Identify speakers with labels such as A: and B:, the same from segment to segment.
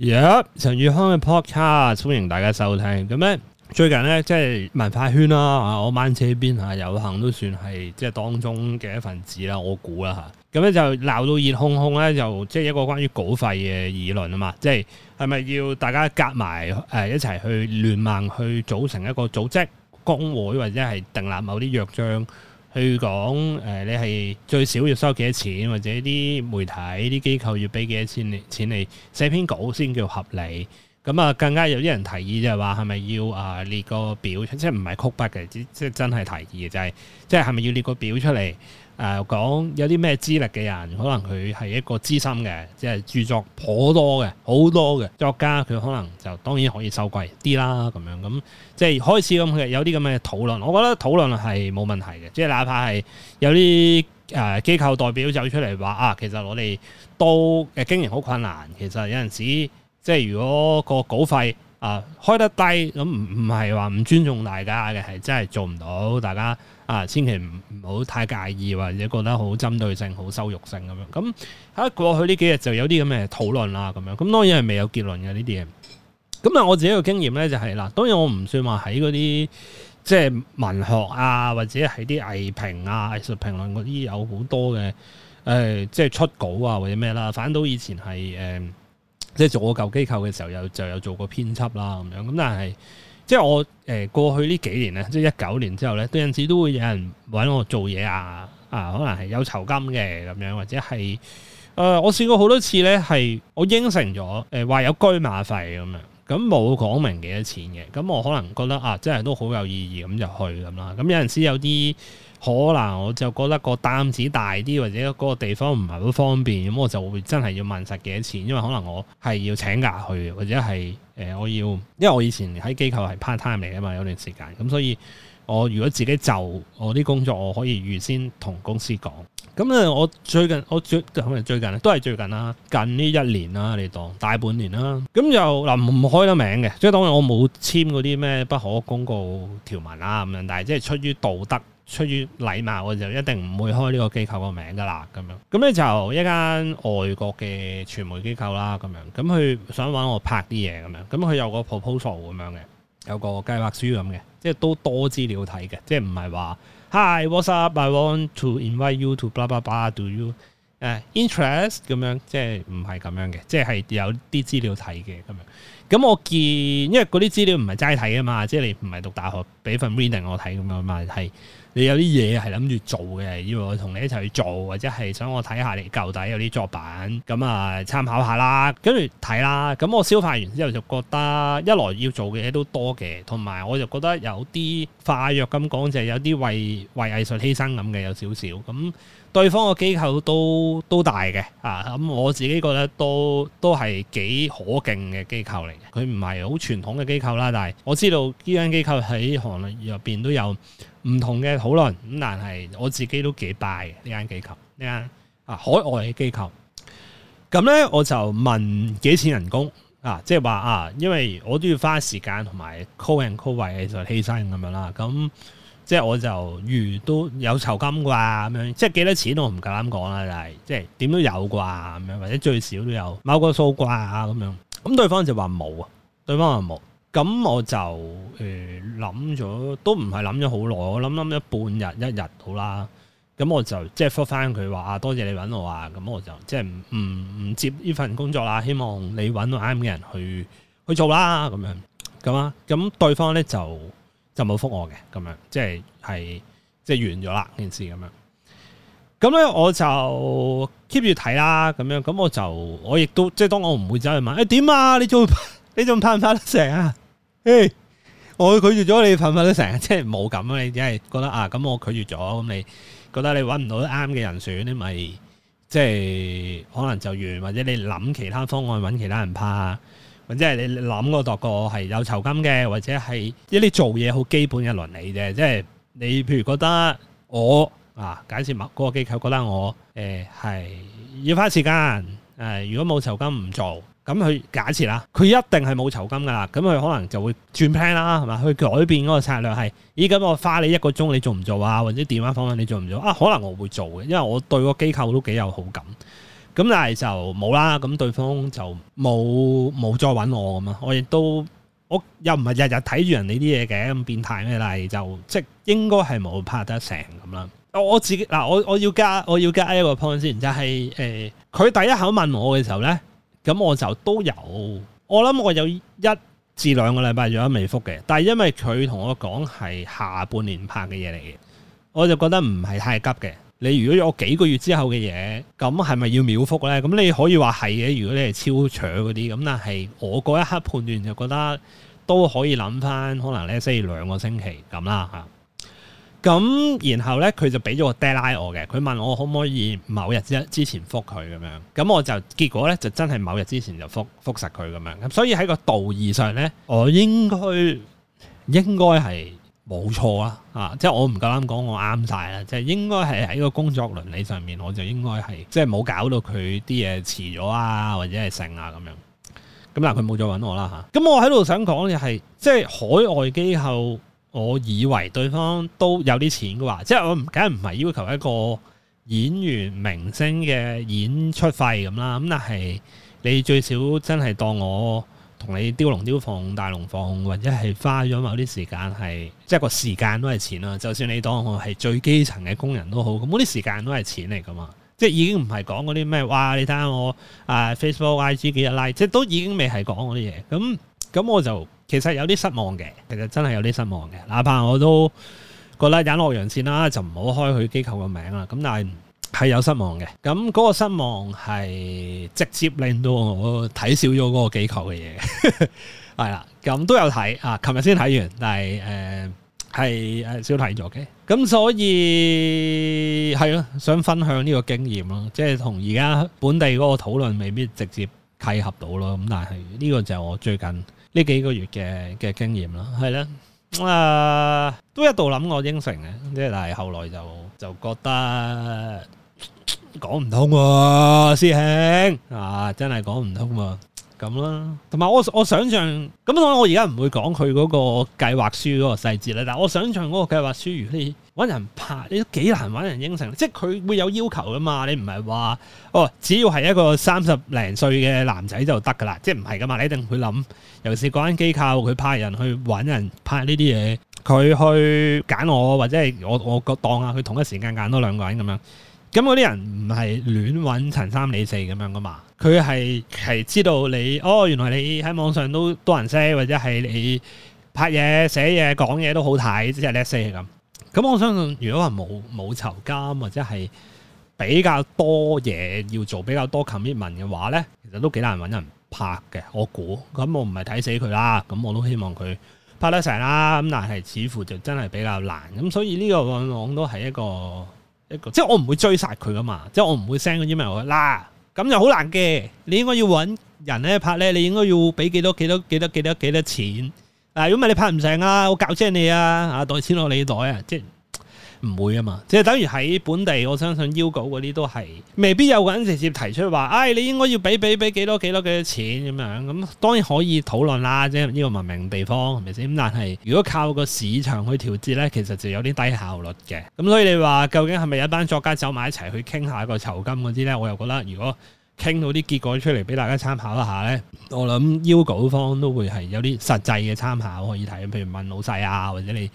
A: 耶！Yeah, 陳宇康嘅 podcast，歡迎大家收聽。咁咧最近咧即係文化圈啦、啊、嚇，我掹車邊嚇、啊、有幸都算係即係當中嘅一份子啦。我估啦嚇，咁咧就鬧到熱烘烘咧，就即係一個關於稿費嘅議論啊嘛。即係係咪要大家夾埋誒一齊去聯盟，去組成一個組織工會，或者係訂立某啲約章？去講誒，你係最少要收幾多錢，或者啲媒體、啲機構要俾幾多錢你，嚟寫篇稿先叫合理。咁啊，更加有啲人提議就係話，係咪要啊列個表出，即係唔係曲筆嘅，即即真係提議嘅，就係即係係咪要列個表出嚟？誒講有啲咩資歷嘅人，可能佢係一個資深嘅，即係著作頗多嘅，好多嘅作家，佢可能就當然可以收貴啲啦。咁樣咁即係開始咁嘅有啲咁嘅討論，我覺得討論係冇問題嘅，即係哪怕係有啲誒機構代表走出嚟話啊，其實我哋都誒經營好困難，其實有陣時。即係如果個稿費啊開得低咁，唔唔係話唔尊重大家嘅，係真係做唔到，大家啊千祈唔，唔好太介意或者覺得好針對性好收辱性，咁樣。咁喺過去呢幾日就有啲咁嘅討論啦，咁樣咁當然係未有結論嘅呢啲嘢。咁啊我自己嘅經驗咧就係、是、啦，當然我唔算話喺嗰啲即係文學啊或者喺啲藝評啊藝術評論嗰啲有好多嘅誒、呃、即係出稿啊或者咩啦，反倒以前係誒。呃即係做個舊機構嘅時候，就有做過編輯啦，咁樣咁，但係即係我誒過去呢幾年咧，即係一九年之後咧，有陣時都會有人搵我做嘢啊，啊可能係有酬金嘅咁樣，或者係誒、呃、我試過好多次咧，係我應承咗誒話有居馬費咁樣，咁冇講明幾多錢嘅，咁我可能覺得啊，真係都好有意義咁就去咁啦，咁有陣時有啲。可能我就覺得個擔子大啲，或者嗰個地方唔係好方便，咁我就會真係要問實幾多錢，因為可能我係要請假去，或者係、呃、我要，因為我以前喺機構係 part time 嚟啊嘛，有段時間，咁所以我如果自己就我啲工作，我可以預先同公司講。咁我最近我最可能最近呢都係最近啦，近呢一年啦，你當大半年啦，咁就嗱唔、呃、開得名嘅，即係當然我冇簽嗰啲咩不可公告條文啦。咁樣，但係即係出於道德。出於禮貌，我就一定唔會開呢個機構個名噶啦，咁樣咁咧就一間外國嘅傳媒機構啦，咁樣咁佢想揾我拍啲嘢，咁樣咁佢有個 proposal 咁樣嘅，有個計劃書咁嘅，即係都多資料睇嘅，即係唔係話 Hi, what's up, I want to invite you to blah blah blah, do you, uh, interest 咁樣？即係唔係咁樣嘅，即係有啲資料睇嘅咁樣。咁我見因為嗰啲資料唔係齋睇噶嘛，即係你唔係讀大學俾份 reading 我睇咁樣嘛係。是你有啲嘢係諗住做嘅，要我同你一齊去做，或者係想我睇下你舊底有啲作品，咁啊參考下啦，跟住睇啦。咁我消化完之後就覺得，一來要做嘅嘢都多嘅，同埋我就覺得有啲化約咁講，就係有啲為為藝術犧牲咁嘅，有少少。咁對方個機構都都大嘅啊，咁我自己覺得都都係幾可敬嘅機構嚟嘅。佢唔係好傳統嘅機構啦，但係我知道呢間機構喺行業入邊都有。唔同嘅討論，咁但係我自己都幾拜嘅呢間機構，呢間啊海外嘅機構。咁咧我就問幾錢人工啊？即係話啊，因為我都要花時間同埋 call and call 為嘅就犧牲咁樣啦。咁即係我就預都有酬金啩咁樣，即係幾多錢我唔夠膽講啦，就係即係點都有啩咁樣，或者最少都有某個數啩咁樣。咁對方就話冇啊，對方話冇。咁我就誒諗咗，都唔係諗咗好耐，我諗諗咗半日一日好啦。咁我就即係復翻佢話啊，多謝你搵我啊。咁我就即係唔唔唔接呢份工作啦。希望你揾到啱嘅人去去做啦。咁樣咁啊，咁對方咧就就冇復我嘅。咁樣即係係即係完咗啦件事咁樣。咁咧我就 keep 住睇啦。咁樣咁我就我亦都即係當我唔會走去問誒點、欸、啊？你做你仲拍唔拍得成啊？誒，hey, 我拒絕咗你，份份都成日即係冇咁啊！你只係覺得啊，咁我拒絕咗，咁你覺得你搵唔到啱嘅人選，你咪即係可能就完，或者你諗其他方案搵其他人拍，或者係你諗個度個係有酬金嘅，或者係一啲做嘢好基本嘅倫理啫。即係你譬如覺得我啊，假設某嗰個機構覺得我誒係要花時間誒，如果冇酬金唔做。咁佢假設啦，佢一定係冇酬金噶啦，咁佢可能就會轉 plan 啦，係嘛？去改變嗰個策略係，咦咁我花你一個鐘，你做唔做啊？或者電話訪問你做唔做啊？啊？可能我會做嘅，因為我對個機構都幾有好感。咁但係就冇啦，咁對方就冇冇再揾我咁啊？我亦都我又唔係日日睇住人哋啲嘢嘅咁變態咩？但係就即應該係冇拍得成咁啦。我自己嗱，我我要加我要加一個 point 先，就係，呃，佢第一口問我嘅時候呢。咁我就都有，我諗我有一至兩個禮拜仲未復嘅，但係因為佢同我講係下半年拍嘅嘢嚟嘅，我就覺得唔係太急嘅。你如果有幾個月之後嘅嘢，咁係咪要秒復呢？咁你可以話係嘅，如果你係超搶嗰啲咁，但係我嗰一刻判斷就覺得都可以諗翻，可能咧需要兩個星期咁啦嚇。咁，然後呢，佢就俾咗個 deadline 我嘅，佢問我可唔可以某日之之前覆佢咁樣。咁我就結果呢，就真係某日之前就覆覆實佢咁樣。咁所以喺個道義上呢，我應該應該係冇錯啊！啊，即係我唔夠膽講我啱晒啦，即係應該係喺個工作倫理上面，我就應該係即係冇搞到佢啲嘢遲咗啊，或者係剩啊咁樣。咁但佢冇再揾我啦嚇。咁我喺度想講嘅係，即係海外機構。我以為對方都有啲錢嘅話，即係我唔梗係唔係要求一個演員明星嘅演出費咁啦，咁但係你最少真係當我同你雕龍雕鳳、大龍鳳，或者係花咗某啲時間係，即係個時間都係錢啦！就算你當我係最基層嘅工人都好，咁嗰啲時間都係錢嚟噶嘛，即係已經唔係講嗰啲咩哇！你睇下我啊 Facebook、IG 幾多，l、like，即係都已經未係講嗰啲嘢咁。咁我就其實有啲失望嘅，其實真係有啲失望嘅。哪怕我都覺得隱惡揚善啦，就唔好開佢機構嘅名啦。咁但係係有失望嘅。咁嗰個失望係直接令到我睇少咗嗰個機構嘅嘢。係 啦，咁都有睇啊，琴日先睇完，但係係、呃啊、少睇咗嘅。咁所以係咯，想分享呢個經驗咯，即係同而家本地嗰個討論未必直接契合到咯。咁但係呢個就係我最近。呢幾個月嘅嘅經驗啦，係啦，啊、呃、都一度諗我應承嘅，即係但係後來就就覺得講唔通喎、啊，師兄啊，真係講唔通喎、啊。咁啦，同埋我我想象咁，當然我我而家唔會講佢嗰個計劃書嗰個細節啦。但係我想象嗰個計劃書如你，如果你揾人拍你都幾難揾人應承，即係佢會有要求噶嘛。你唔係話哦，只要係一個三十零歲嘅男仔就得噶啦，即係唔係噶嘛？你一定會諗，尤其是嗰間機構佢派人去揾人拍呢啲嘢，佢去揀我或者係我我個當啊，佢同一時間揀多兩個人咁樣。咁嗰啲人唔係亂揾陳三李四咁樣噶嘛？佢係知道你哦，原來你喺網上都多人識，或者係你拍嘢、寫嘢、講嘢都好睇，即係叻 s 咁。咁我相信，如果話冇冇酬金或者係比較多嘢要做、比較多 commitment 嘅話呢，其實都幾難揾人拍嘅。我估咁，我唔係睇死佢啦，咁我都希望佢拍得成啦。咁但係似乎就真係比較難。咁所以呢個往往都係一個。即係我唔會追殺佢噶嘛，即係我唔會 send 嗰啲 mail 嗱，咁就好難嘅。你應該要搵人咧拍咧，你應該要俾幾多幾多幾多幾多幾多錢。如果唔係你拍唔成啊。我教遮你啊，啊袋錢落你袋啊，即係。唔會啊嘛，即係等於喺本地，我相信邀稿嗰啲都係未必有個人直接提出話，哎，你應該要俾俾俾幾多幾多幾多錢咁樣，咁當然可以討論啦，即係呢個文明地方係咪先？但係如果靠個市場去調節呢，其實就有啲低效率嘅。咁所以你話究竟係咪一班作家走埋一齊去傾下個酬金嗰啲呢？我又覺得如果，傾到啲結果出嚟俾大家參考一下呢，我諗 U 谷方都會係有啲實際嘅參考可以睇，譬如問老細啊，或者你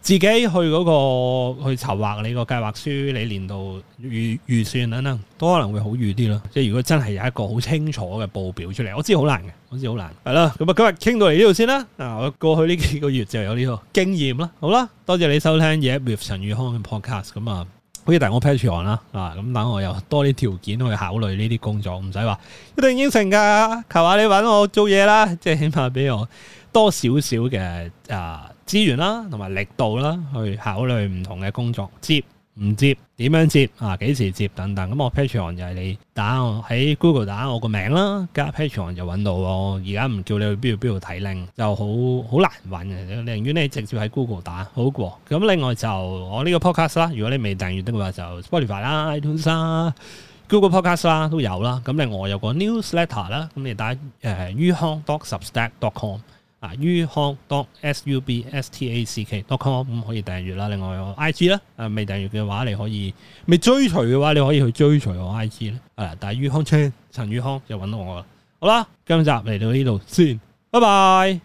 A: 自己去嗰，那個去籌劃你個計劃書，你年度預預算等，啊、等，都可能會好預啲咯。即係如果真係有一個好清楚嘅報表出嚟，我知好難嘅，我知好難。係啦，咁啊今日傾到嚟呢度先啦，啊。我過去呢幾個月就有呢個經驗啦，好啦，多謝你收聽《Yap with 陳宇康》嘅 Podcast 咁啊。可以，等我 Patreon 啦，啊咁等我又多啲條件去考慮呢啲工作，唔使話一定應承噶，求下你搵我做嘢啦，即係起碼俾我多少少嘅啊資源啦，同埋力度啦，去考慮唔同嘅工作接。唔接點樣接啊？幾時接等等咁，我 Patreon 就係你打喺 Google 打我個名啦，加 Patreon 就揾到我。而家唔叫你去邊度邊度睇 link 就好好難揾嘅，寧願你直接喺 Google 打好過。咁另外就我呢個 podcast 啦，如果你未訂閲的話就 Spotify 啦、iTunes 啦、Google Podcast 啦都有啦。咁另外有個 newsletter 啦，咁你打誒於康 dot.substack.com。啊，于康 dot s u b s t a c k dot com，嗯，可以訂閱啦。另外有 IG 啦，啊，未訂閱嘅話，你可以未追隨嘅話，你可以去追隨我 IG 咧。誒，但係於康青陳于康就揾到我啦。好啦，今集嚟到呢度先，拜拜。